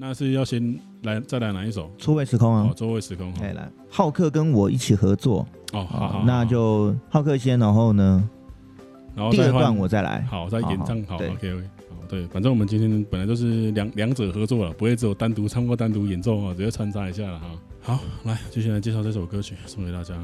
那是要先來，再來哪一首？錯位時空啊！哦、錯位時空，對，來。浩克跟我一起合作哦，好，好，好哦，那就浩克先，然後呢？然後再第二段我再來。好，再演唱。好，OK，OK。好，對，反正我們今天本來就是兩兩者合作了，不會只有單獨唱歌，單獨演奏啊，直接穿插一下了哈。好，來，接下來介紹這首歌曲，送給大家。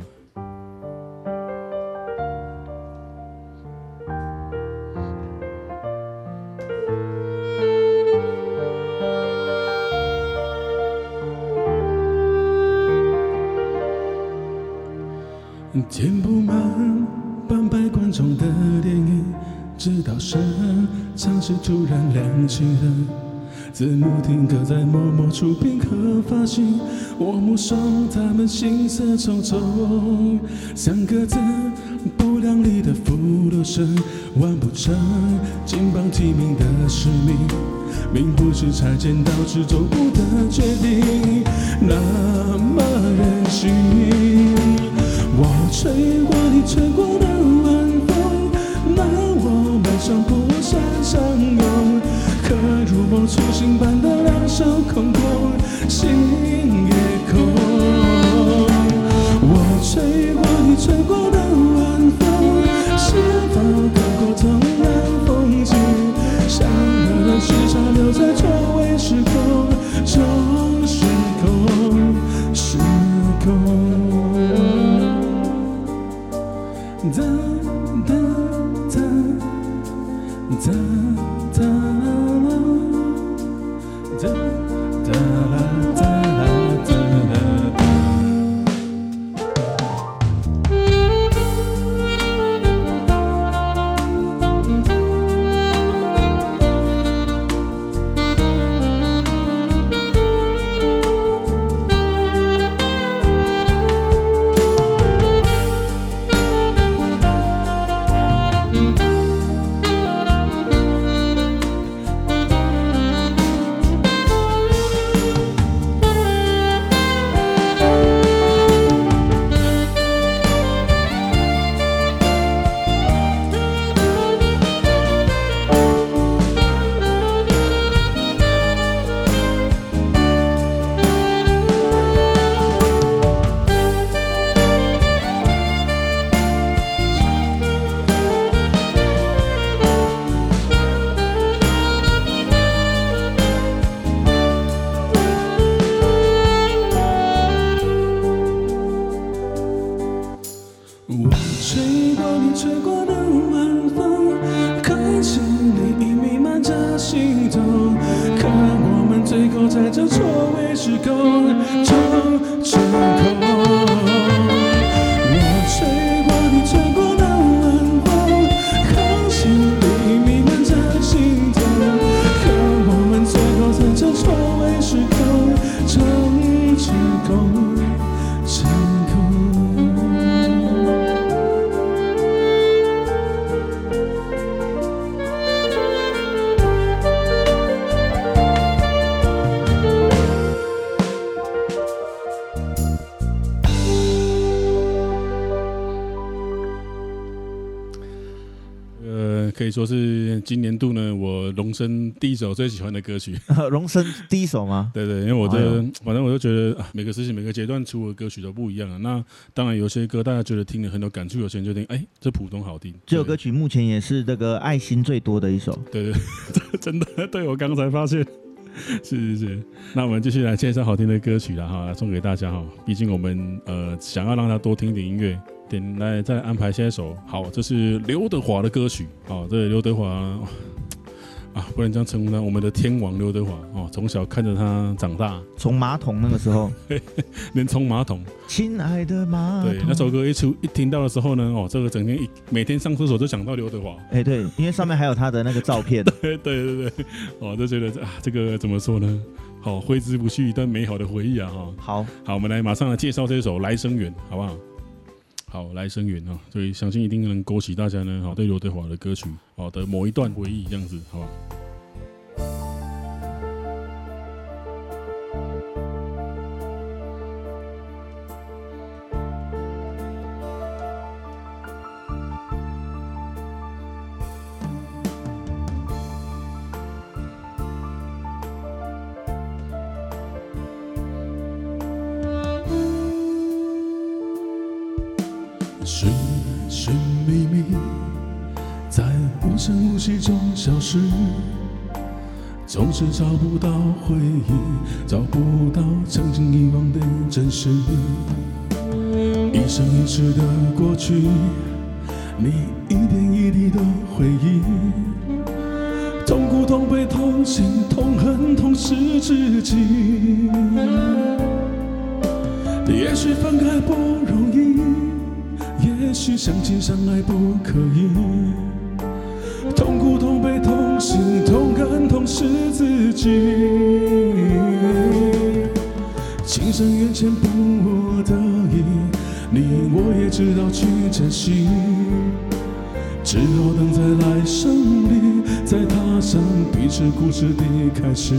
填不滿半排觀眾的電影，直到散場時突然亮起燈，字幕定格在某某出品和發行，我目送他們行色匆匆，像個自不量力的複讀生，完不成金榜題名的使命，命不是猜剪刀石頭布的決定，那麼任性。我吹過你吹過的晚風，那我們算不算相擁，可如夢初醒般的兩手空空，心說是今年度呢，我榮升第一首最喜歡的歌曲。榮升、 嗯、第一首嗎？ 對對，因為我覺、這個哦哦、反正我就覺得、啊、每個時期、每個階段出的歌曲都不一樣啊。那當然，有些歌大家覺得聽了很有感觸，有些人就聽，哎、欸，這普通好聽。這首歌曲目前也是這個愛心最多的一首。對，對對， 真的，對我剛才發現， 是是是。那我們繼續來介紹好聽的歌曲了哈，好來送給大家哈。畢竟我們呃，想要讓他多聽點音樂。來，再來安排下一首。好，這是劉德華的歌曲。好、哦，這劉德華、哦、啊，不能叫稱呼他我們的天王劉德華哦。從小看着他長大，從馬桶那個時候， 連沖馬桶。親愛的馬桶，對那首歌一出一聽到的時候呢，哦，這個整天一每天上廁所都想到劉德華。哎、欸，對，因為上面還有他的那個照片。 對對對對，哦，就覺得啊，這個怎麼說呢？好、哦，揮之不去一段美好的回憶啊！哈、哦，好好，我們來馬上來介紹這首《來生緣》，好不好？好，來生緣啊，所以相信一定能勾起大家呢，哈，對劉德華的歌曲，好的某一段回憶，這樣子，好吧。的過去，你一點一滴的回憶，痛苦、痛悲、痛心、痛恨、痛失自己。也許分開不容易，也許相親相愛不可以，痛苦、痛悲、痛心、痛恨、痛失自己。情深緣淺，不我的。你我也知道去珍惜，只好等在來生裡，再踏上彼此故事的開始。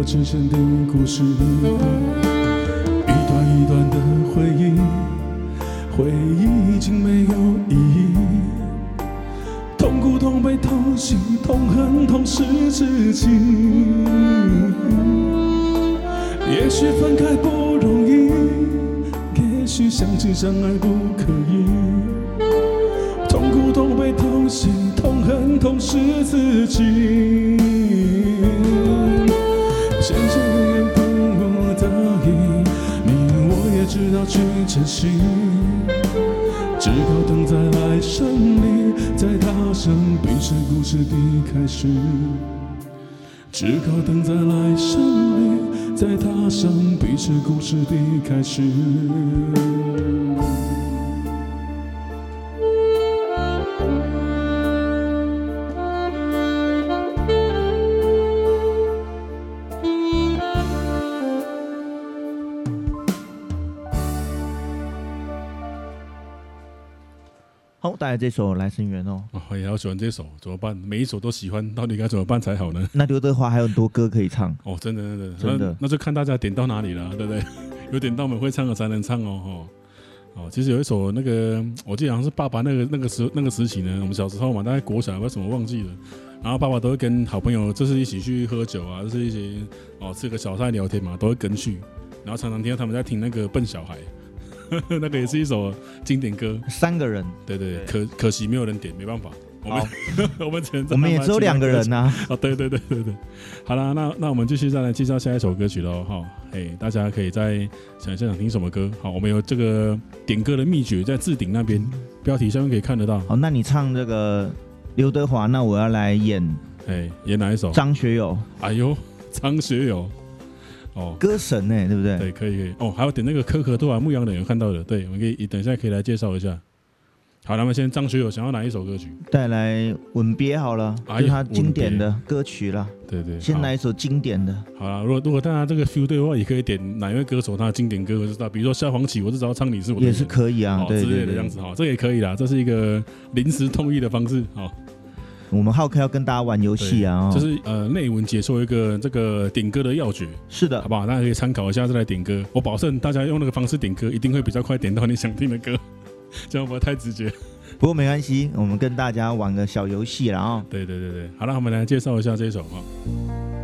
我之間的故事，一段一段的回憶，回憶已經沒有意義，痛苦、痛悲、痛心、痛恨、痛失自己。也許分開不容易，也許相親相愛不可以，痛苦、痛悲、痛心、痛恨、痛失自己。要去珍惜，只好等在來生裡，再踏上彼此故事的開始。只好等在來生裡，再踏上彼此故事的開始。這首《來生緣》哦，我、哦、也好喜歡這首，怎麼辦？每一首都喜歡，到底該怎麼辦才好呢？那劉德華還有很多歌可以唱哦，真的真的真的那，那就看大家點到哪裡了，對不對？有點到我們會唱的才能唱哦，哦，哦其實有一首那個，我記得好像是爸爸那個那個時候、那個、那個時期呢，我們小時候嘛，大概國小，為什麼忘記了？然後爸爸都會跟好朋友，就是一起去喝酒啊，就是一起哦吃個小菜聊天嘛，都會跟去，然後常常聽到他們在聽那個《笨小孩》。 那個也是一首經典歌。對對，三個人，對可對，可可惜沒有人點，沒辦法，我們、哦、 我們只能，我們也只有兩個人吶、啊。啊、哦，對對對對，對好啦，那那我們繼續再來介紹下一首歌曲嘍，哈、哦，哎，大家可以再想一想，想聽什麼歌？好、哦，我們有這個點歌的秘訣在置頂那邊標題上面可以看得到。好、哦，那你唱這個劉德華，那我要來演，哎，演哪一首？張、哎、學友。哎呦，張學友。哦，歌神呢、欸，對不對？對，可以可以。哦，還有點那個可可多啊，牧羊人有看到的，對，我們可以等一下可以來介紹一下。好，那麼先張學友想要哪一首歌曲？帶來《吻別》好了，哎、呀就是他經典的歌曲了。對對、哎，先來一首經典的。對對好了，如果如果大家這個 feel 對的話，也可以點哪一位歌手他的經典歌，我知道，比如說蕭煌奇，我就知道唱你是我的也是可以啊，對之類的樣子哈、哦，這也可以啦，這是一個臨時通意的方式哈。哦我們浩克要跟大家玩遊戲啊、哦，就是呃內文解說一個這個點歌的要訣。是的，好不好？大家可以參考一下再來點歌。我保證大家用那個方式點歌，一定會比較快點到你想聽的歌，這樣不要太直接。不過沒關係，我們跟大家玩個小遊戲了啊、哦。對對對對，好了，我們來介紹一下這一首啊、哦。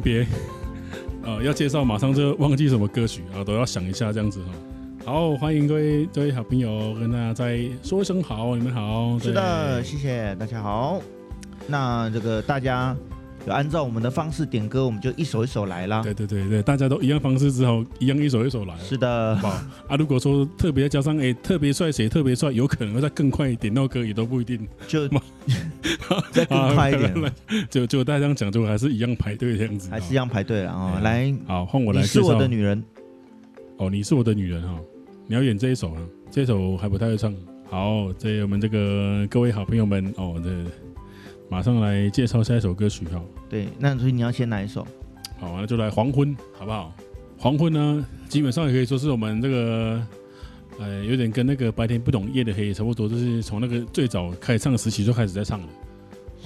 別、呃，要介紹，馬上就忘記什麼歌曲啊，都要想一下這樣子哈、哦。好，歡迎各位各位好朋友，跟大家再說一聲好，你們好。是的，謝謝大家好。那這個大家有按照我們的方式點歌，我們就一首一首來啦。對對對對，大家都一樣方式之後，一樣一首一首來。是的。好，好啊，如果說特別加上哎特別帥誰特別帥，有可能會再更快點到歌也都不一定。就好好。 再更快一點了，啊，就就大家這樣講，就還是一樣排隊這樣子，還是一樣排隊了啊！好嗯、來，好，換我來，你是我的女人，哦，你是我的女人哈，哦，你要演這一首啊，這一首還不太會唱。好，這我們這個各位好朋友們哦，這馬上來介紹下一首歌曲哈。對，那所以你要先來一首？好，那就來黃昏，好不好？黃昏呢，基本上也可以說是我們這、那個，呃，有點跟那個白天不懂夜的黑差不多，就是從那個最早開始唱的時期就開始在唱了。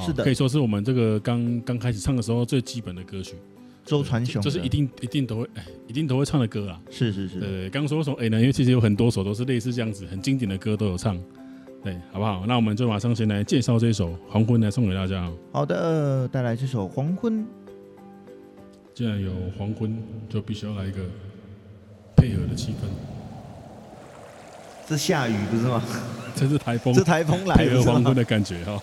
是的、哦，可以說是我們這個剛剛開始唱的時候最基本的歌曲，周傳雄，這、就是一定一定都會，哎、欸，一定都會唱的歌啊。是是是，對，剛剛說什麼哎呢？因為其實有很多首都是類似這樣子很經典的歌都有唱，對，好不好？那我們就馬上先來介紹這一首《黃昏》來送給大家好。好的，帶、呃、來這首《黃昏》。既然有黃昏，就必須要來一個配合的氣氛。是下雨不是嗎？這是台風，這台風來了黃昏的感覺哈。哦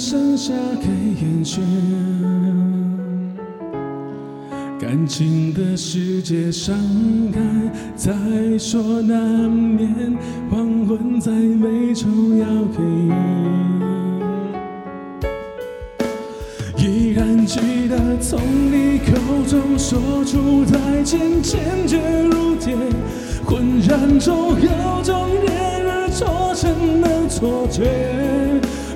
剩下黑眼圈，感情的世界傷感在所難免。黃昏再美終要黑夜，依然記得從你口中說出再見，堅決如鐵。昏暗中有種烈日灼身的錯覺。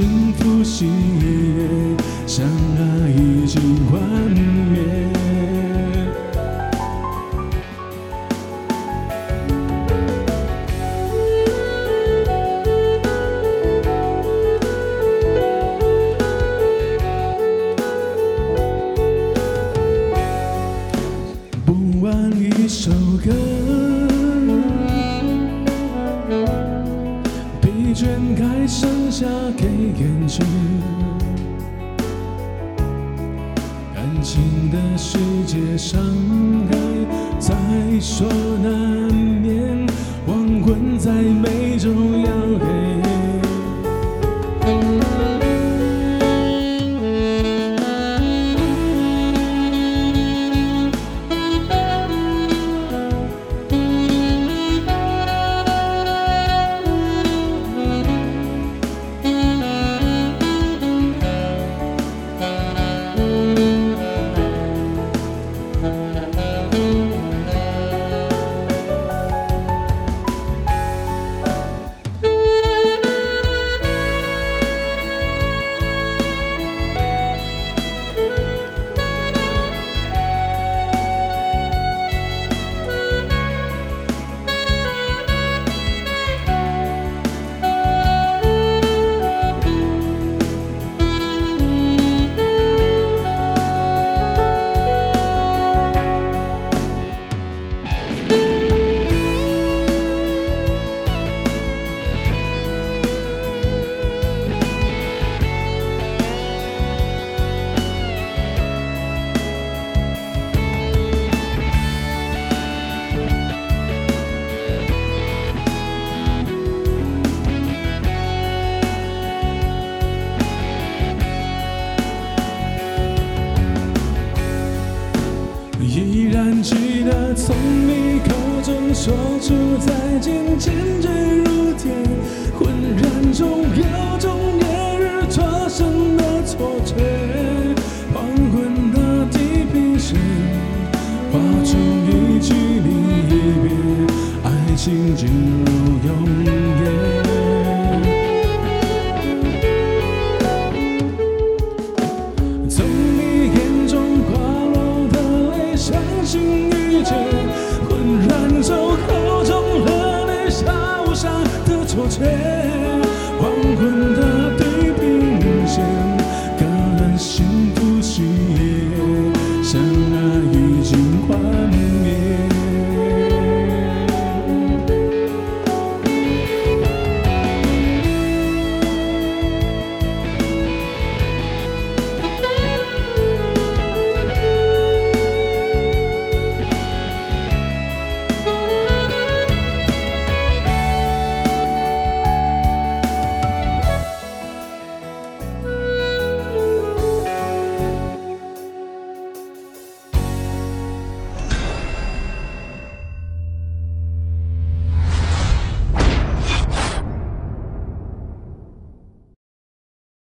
幸福喜悅，相愛。說出再見，堅決如鐵，昏暗中有種烈日灼身的錯覺。黃昏的地平線，劃出一句離別，愛情進入。